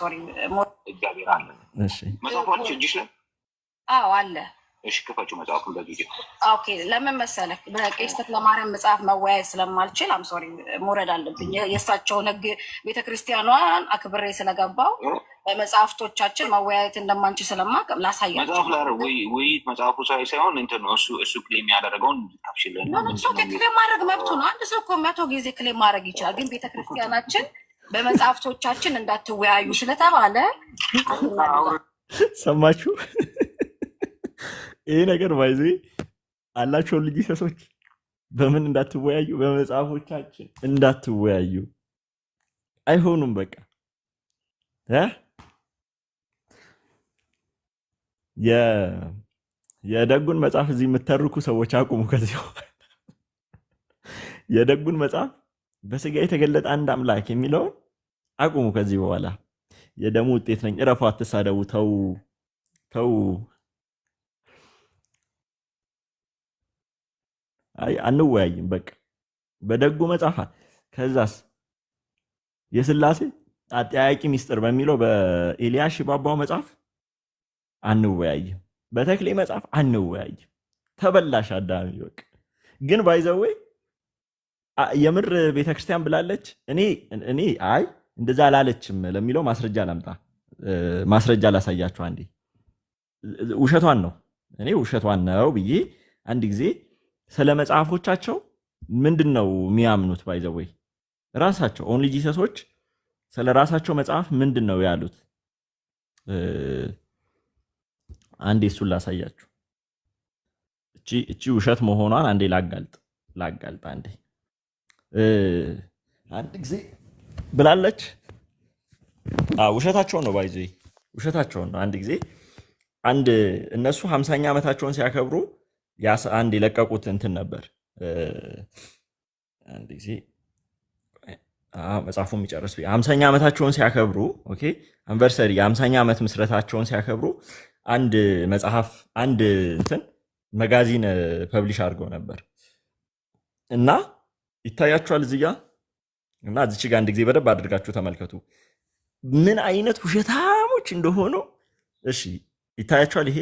ሶሪ እግዚአብሔር አለ። መጽሐፎች እጅሽ ላይ አዎ አለ። እሺ ክፈጩ መጽሐፉን በጊዜ ኦኬ። ለምን መሰለህ በቄስ ለማርያም መጽሐፍ መወያየት ስለማልችል አም ሶሪ መውረድ አለብኝ። የእሳቸውን ህግ ቤተክርስቲያኗን አክብሬ ስለገባው በመጽሐፍቶቻችን መወያየት እንደማንችል ስለማቅ ላሳያቸው መጽሐፍ ላይ ውይይት መጽሐፉ ሳይ ሳይሆን እንትን እሱ እሱ ክሌም ያደረገውን ታብሽልን። ክሌም ማድረግ መብቱ ነው። አንድ ሰው እኮ መቶ ጊዜ ክሌም ማድረግ ይችላል። ግን ቤተክርስቲያናችን በመጽሐፍቶቻችን እንዳትወያዩ ስለተባለ ሰማችሁ። ይሄ ነገር ባይዘ አላቸው ልጅ ሰሶች በምን እንዳትወያዩ፣ በመጽሐፎቻችን እንዳትወያዩ አይሆኑም። በቃ የደጉን መጽሐፍ እዚህ የምተርኩ ሰዎች አቁሙ። ከዚህ የደጉን መጽሐፍ በስጋ የተገለጠ አንድ አምላክ የሚለውን አቁሙ። ከዚህ በኋላ የደሙ ውጤት ነኝ። እረፉ፣ አትሳደቡ። ተው ተው። አይ አንወያይም። በቃ በደጉ መጽሐፍ ከዛስ የስላሴ አጠያቂ ሚስጥር በሚለው በኤልያስ ሽባባው መጽሐፍ አንወያይም። በተክሌ መጽሐፍ አንወያይም። ተበላሽ አዳሚ። በቃ ግን ባይዘዌ የምር ቤተክርስቲያን ብላለች። እኔ እኔ አይ እንደዛ አላለችም ለሚለው ማስረጃ ላምጣ። ማስረጃ ላሳያችሁ አንዴ። ውሸቷን ነው እኔ ውሸቷን ነው ብዬ አንድ ጊዜ ስለ መጽሐፎቻቸው ምንድን ነው የሚያምኑት ባይዘወይ ራሳቸው ኦንሊ ጂሰሶች ስለ ራሳቸው መጽሐፍ ምንድን ነው ያሉት? አንዴ እሱን ላሳያችሁ። እቺ ውሸት መሆኗን አንዴ ላጋልጥ ላጋልጥ አንዴ አንድ ጊዜ ብላለች። ውሸታቸውን ነው ባይዘ ውሸታቸውን ነው። አንድ ጊዜ አንድ እነሱ ሀምሳኛ ዓመታቸውን ሲያከብሩ አንድ የለቀቁት እንትን ነበር። አንድ ጊዜ መጽሐፉ የሚጨርስ ሀምሳኛ ዓመታቸውን ሲያከብሩ አንቨርሰሪ የሀምሳኛ ዓመት ምስረታቸውን ሲያከብሩ አንድ መጽሐፍ አንድ እንትን መጋዚን ፐብሊሽ አድርገው ነበር እና ይታያችኋል እዚህ ጋ እና እዚች ጋ አንድ ጊዜ በደንብ አድርጋችሁ ተመልከቱ ምን አይነት ውሸታሞች እንደሆኑ። እሺ ይታያቸዋል። ይሄ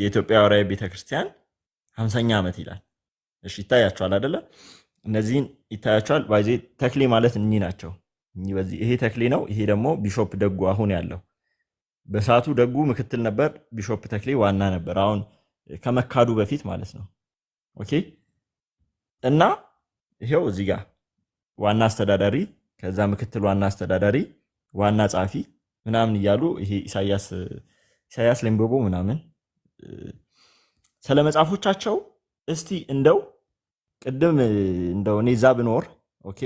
የኢትዮጵያ ወራዊ ቤተክርስቲያን ሀምሳኛ ዓመት ይላል። እሺ ይታያቸዋል አደለ እነዚህን ይታያቸዋል። ባይዜ ተክሌ ማለት እኚህ ናቸው። በዚህ ይሄ ተክሌ ነው። ይሄ ደግሞ ቢሾፕ ደጉ አሁን ያለው በሰዓቱ ደጉ ምክትል ነበር፣ ቢሾፕ ተክሌ ዋና ነበር። አሁን ከመካዱ በፊት ማለት ነው። ኦኬ እና ይሄው እዚህ ጋር ዋና አስተዳዳሪ፣ ከዛ ምክትል ዋና አስተዳዳሪ፣ ዋና ጸሐፊ ምናምን እያሉ ይሄ ኢሳያስ ኢሳያስ ሌምቦጎ ምናምን ስለ መጽሐፎቻቸው እስቲ እንደው ቅድም እንደው እኔ እዛ ብኖር ኦኬ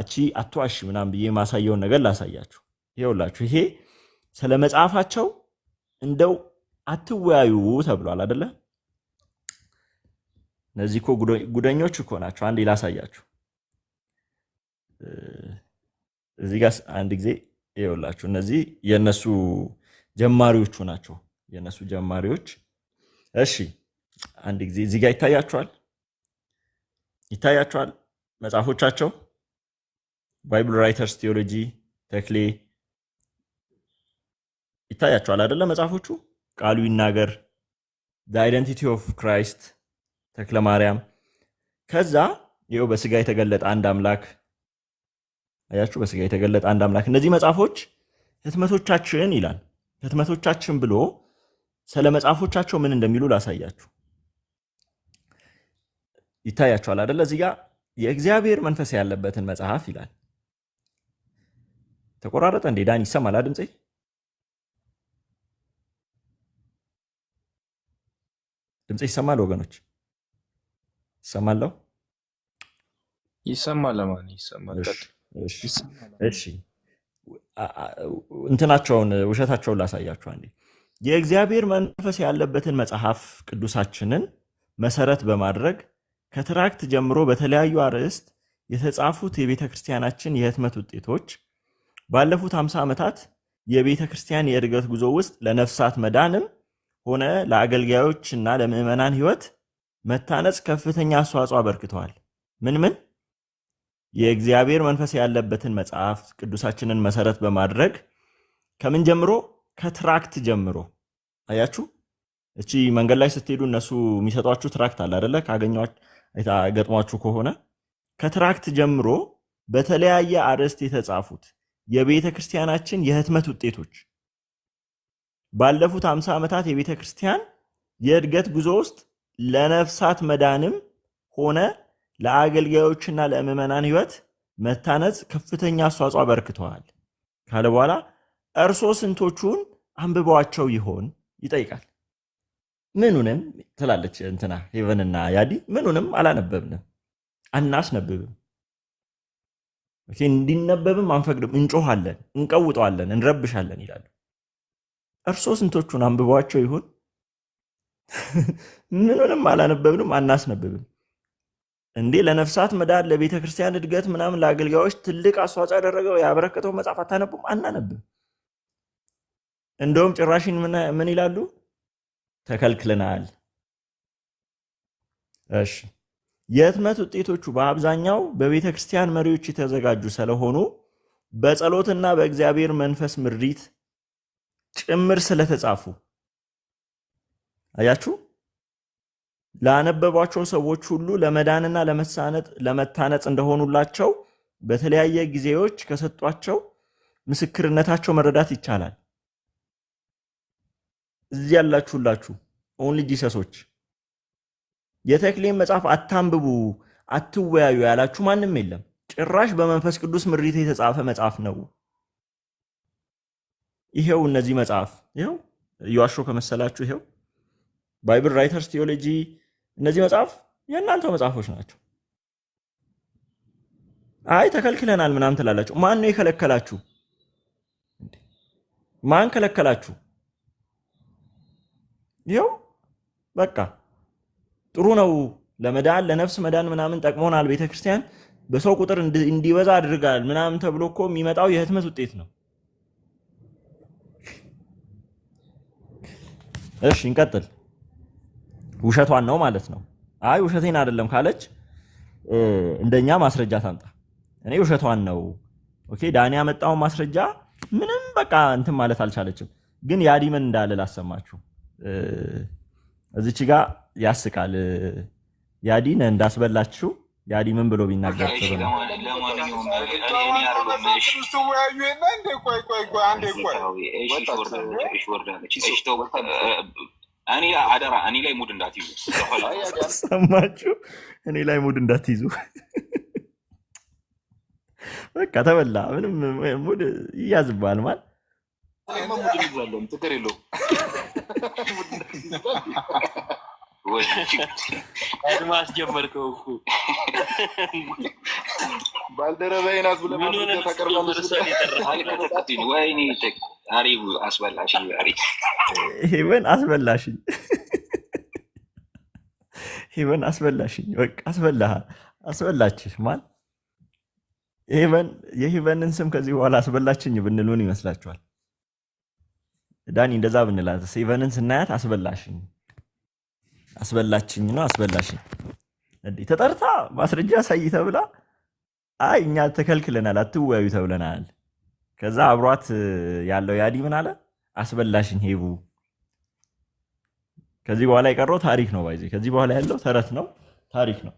አቺ አትዋሽ ምናምን ብዬ ማሳየውን ነገር ላሳያችሁ። ይኸውላችሁ ይሄ ስለ መጽሐፋቸው እንደው አትወያዩ ተብሏል አደለ? እነዚህ እኮ ጉደኞች እኮ ናቸው። አንዴ ላሳያችሁ። እዚህ ጋር አንድ ጊዜ ይኸውላችሁ እነዚህ የእነሱ ጀማሪዎቹ ናቸው። የእነሱ ጀማሪዎች እሺ፣ አንድ ጊዜ እዚህ ጋር ይታያችኋል፣ ይታያችኋል መጽሐፎቻቸው ባይብል ራይተርስ ቴዎሎጂ ተክሌ ይታያቸዋል አይደለ? መጽሐፎቹ ቃሉ ይናገር፣ ዘ አይደንቲቲ ኦፍ ክራይስት፣ ተክለ ማርያም። ከዛ ይኸው በስጋ የተገለጠ አንድ አምላክ አያችሁ፣ በስጋ የተገለጠ አንድ አምላክ። እነዚህ መጽሐፎች ህትመቶቻችን ይላል። ህትመቶቻችን ብሎ ስለ መጽሐፎቻቸው ምን እንደሚሉ ላሳያችሁ። ይታያቸዋል አደለ? እዚህ ጋ የእግዚአብሔር መንፈስ ያለበትን መጽሐፍ ይላል። ተቆራረጠ እንዴ? ዳን ይሰማል ድምፄ? ድምፄ ይሰማል ወገኖች? ይሰማለሁ። ይሰማል። ለማን ይሰማል? እሺ እንትናቸውን ውሸታቸውን ላሳያቸው አንዴ። የእግዚአብሔር መንፈስ ያለበትን መጽሐፍ ቅዱሳችንን መሰረት በማድረግ ከትራክት ጀምሮ በተለያዩ አርዕስት የተጻፉት የቤተ ክርስቲያናችን የህትመት ውጤቶች ባለፉት 50 ዓመታት የቤተ ክርስቲያን የእድገት ጉዞ ውስጥ ለነፍሳት መዳንም ሆነ ለአገልጋዮች እና ለምዕመናን ህይወት መታነጽ ከፍተኛ አስተዋጽኦ አበርክተዋል። ምን ምን የእግዚአብሔር መንፈስ ያለበትን መጽሐፍ ቅዱሳችንን መሰረት በማድረግ ከምን ጀምሮ ከትራክት ጀምሮ አያችሁ። እቺ መንገድ ላይ ስትሄዱ እነሱ የሚሰጧችሁ ትራክት አለ አደለ? ገጥሟችሁ ከሆነ ከትራክት ጀምሮ በተለያየ አርዕስት የተጻፉት የቤተ ክርስቲያናችን የህትመት ውጤቶች ባለፉት አምሳ ዓመታት የቤተ ክርስቲያን የእድገት ጉዞ ውስጥ ለነፍሳት መዳንም ሆነ ለአገልጋዮችና ለምዕመናን ሕይወት መታነጽ ከፍተኛ አስተዋጽኦ አበርክተዋል ካለ በኋላ እርሶ ስንቶቹን አንብበዋቸው ይሆን ይጠይቃል። ምኑንም ትላለች እንትና ሄቨንና ያዲ ምኑንም አላነበብንም፣ አናስነብብም፣ እንዲነበብም አንፈቅድም፣ እንጮኋለን፣ እንቀውጠዋለን፣ እንረብሻለን ይላሉ። እርሶ ስንቶቹን አንብበዋቸው ይሆን? ምኑንም አላነበብንም፣ አናስነብብም እንዴ ለነፍሳት መዳን ለቤተ ክርስቲያን እድገት ምናምን ለአገልጋዮች ትልቅ አስተዋጽኦ ያደረገው ያበረከተው መጽሐፍ አታነቡም? አናነብም። እንደውም ጭራሽን ምን ይላሉ? ተከልክልናል። እሺ የህትመት ውጤቶቹ በአብዛኛው በቤተ ክርስቲያን መሪዎች የተዘጋጁ ስለሆኑ በጸሎትና በእግዚአብሔር መንፈስ ምሪት ጭምር ስለተጻፉ አያችሁ ላነበቧቸው ሰዎች ሁሉ ለመዳንና ለመታነጽ እንደሆኑላቸው በተለያየ ጊዜዎች ከሰጧቸው ምስክርነታቸው መረዳት ይቻላል። እዚህ ያላችሁላችሁ ኦንሊ ጂሰሶች የተክሌን መጽሐፍ አታንብቡ፣ አትወያዩ ያላችሁ ማንም የለም። ጭራሽ በመንፈስ ቅዱስ ምሪት የተጻፈ መጽሐፍ ነው። ይሄው እነዚህ መጽሐፍ ይኸው እየዋሾ ከመሰላችሁ ይኸው ባይብል ራይተርስ ቲዮሎጂ፣ እነዚህ መጽሐፍ የእናንተ መጽሐፎች ናቸው። አይ ተከልክለናል ምናምን ትላላችሁ። ማን ነው የከለከላችሁ? ማን ከለከላችሁ? ይኸው በቃ ጥሩ ነው ለመዳን ለነፍስ መዳን ምናምን ጠቅሞናል፣ ቤተክርስቲያን በሰው ቁጥር እንዲበዛ አድርጋል ምናምን ተብሎ እኮ የሚመጣው የህትመት ውጤት ነው። እሺ እንቀጥል። ውሸቷን ነው ማለት ነው። አይ ውሸቴን አይደለም ካለች እንደኛ ማስረጃ ታምጣ። እኔ ውሸቷን ነው ኦኬ፣ ዳኒ ያመጣውን ማስረጃ ምንም በቃ እንትን ማለት አልቻለችም። ግን ያዲ ምን እንዳለ ላሰማችሁ። እዚች ጋ ያስቃል። ያዲን እንዳስበላችሁ ያዲ ምን ብሎ ቢናገር ጥሩ ነው። ቆይ ቆይ ቆይ አንዴ ቆይ እኔ አደራ እኔ ላይ ሙድ እንዳትይዙ። ሰማችሁ? እኔ ላይ ሙድ እንዳትይዙ። በቃ ተበላ። ምንም ሙድ ይያዝባል ማል ችግር የለውም። አድማስ ጀመርከው እኮ ባልደረባዬ ወይኔ ይጠቅ አሪቡ አስበላሽኝ ሄቨን አስበላሽኝ ሄቨን አስበላሽኝ አስበላ አስበላችህ ማን ሄቨን የሄቨንን ስም ከዚህ በኋላ አስበላችኝ ብንል ምን ይመስላችኋል? ዳኒ እንደዛ ብንላት ሄቨንን ስናያት አስበላሽኝ አስበላችኝ ነው አስበላሽኝ ተጠርታ ማስረጃ ሳይ ተብላ አይ እኛ ተከልክለናል አትወያዩ ተብለናል ከዛ አብሯት ያለው ያዲ ምን አለ አስበላሽኝ ሄቡ። ከዚህ በኋላ የቀረው ታሪክ ነው። ባይዜ ከዚህ በኋላ ያለው ተረት ነው፣ ታሪክ ነው።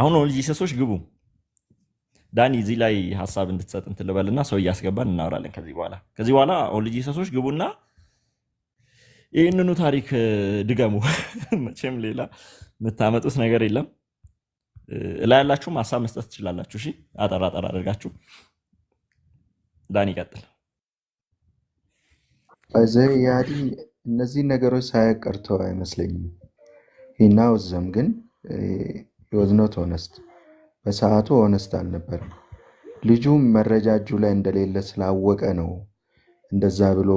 አሁን ልጅ ሰሶች ግቡ። ዳኒ እዚህ ላይ ሀሳብ እንድትሰጥ እንትልበልና ሰው እያስገባን እናወራለን። ከዚህ በኋላ ከዚህ በኋላ አሁን ልጅ ግቡና ይህንኑ ታሪክ ድገሙ። መቼም ሌላ የምታመጡት ነገር የለም። እላ ያላችሁም ሀሳብ መስጠት ትችላላችሁ። እሺ አጠር አጠር አድርጋችሁ ዳን ይቀጥል። በዚህ ያዲ እነዚህን ነገሮች ሳያቀርተው አይመስለኝም። ሂና ወዘም ግን የወዝኖት ሆነስት በሰዓቱ ሆነስት አልነበርም። ልጁም መረጃ እጁ ላይ እንደሌለ ስላወቀ ነው እንደዛ ብሎ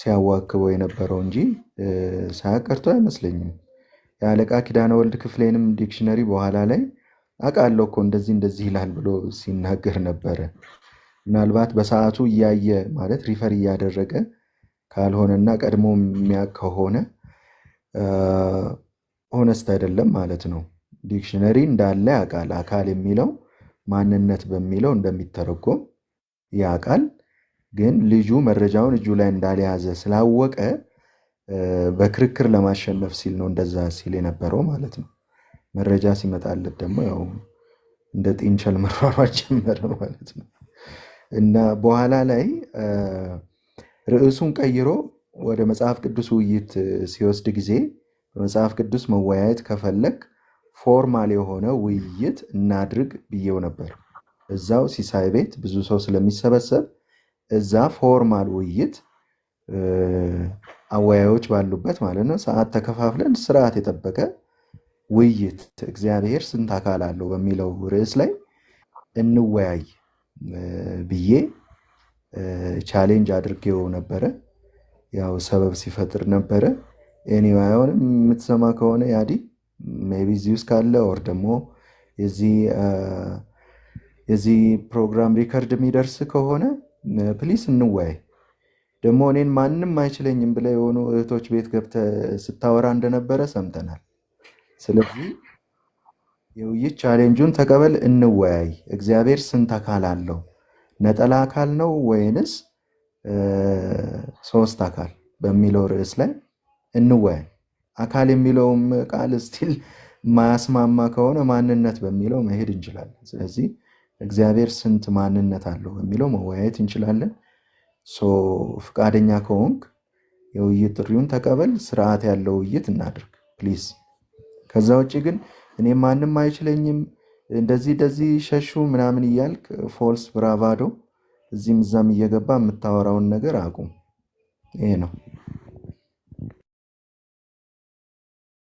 ሲያዋክበው የነበረው እንጂ ሳያቅ አይመስለኝም። የአለቃ ኪዳነ ወልድ ክፍሌንም ዲክሽነሪ በኋላ ላይ አቃለው እኮ እንደዚህ እንደዚህ ይላል ብሎ ሲናገር ነበረ። ምናልባት በሰዓቱ እያየ ማለት ሪፈር እያደረገ ካልሆነና ቀድሞ የሚያውቅ ከሆነ ሆነስት አይደለም ማለት ነው። ዲክሽነሪ እንዳለ ያውቃል። አካል የሚለው ማንነት በሚለው እንደሚተረጎም ያውቃል። ግን ልጁ መረጃውን እጁ ላይ እንዳልያዘ ስላወቀ በክርክር ለማሸነፍ ሲል ነው እንደዛ ሲል የነበረው ማለት ነው። መረጃ ሲመጣለት ደግሞ ያው እንደ ጢንቸል መሯሯጥ ጀመረ ማለት ነው። እና በኋላ ላይ ርዕሱን ቀይሮ ወደ መጽሐፍ ቅዱስ ውይይት ሲወስድ ጊዜ በመጽሐፍ ቅዱስ መወያየት ከፈለግ ፎርማል የሆነ ውይይት እናድርግ ብዬው ነበር። እዛው ሲሳይ ቤት ብዙ ሰው ስለሚሰበሰብ እዛ ፎርማል ውይይት አወያዮች ባሉበት ማለት ነው። ሰዓት ተከፋፍለን ስርዓት የጠበቀ ውይይት እግዚአብሔር ስንት አካል አለው በሚለው ርዕስ ላይ እንወያይ ብዬ ቻሌንጅ አድርጌው ነበረ። ያው ሰበብ ሲፈጥር ነበረ። ኤኒዌይ አሁን የምትሰማ ከሆነ ያዲ ሜይ ቢ እዚህ ውስጥ ካለ ኦር ደግሞ የዚህ ፕሮግራም ሪከርድ የሚደርስ ከሆነ ፕሊስ እንወያይ። ደግሞ እኔን ማንም አይችለኝም ብለህ የሆኑ እህቶች ቤት ገብተህ ስታወራ እንደነበረ ሰምተናል። ስለዚህ የውይይት ቻሌንጁን ተቀበል፣ እንወያይ። እግዚአብሔር ስንት አካል አለው? ነጠላ አካል ነው ወይንስ ሶስት አካል በሚለው ርዕስ ላይ እንወያይ። አካል የሚለውም ቃል ስቲል ማያስማማ ከሆነ ማንነት በሚለው መሄድ እንችላለን። ስለዚህ እግዚአብሔር ስንት ማንነት አለው በሚለው መወያየት እንችላለን። ፍቃደኛ ከሆንክ የውይይት ጥሪውን ተቀበል። ስርዓት ያለው ውይይት እናድርግ ፕሊዝ። ከዛ ውጭ ግን እኔ ማንም አይችለኝም እንደዚህ እንደዚህ ሸሹ ምናምን እያልክ ፎልስ ብራቫዶ እዚህም እዛም እየገባ የምታወራውን ነገር አቁም። ይሄ ነው።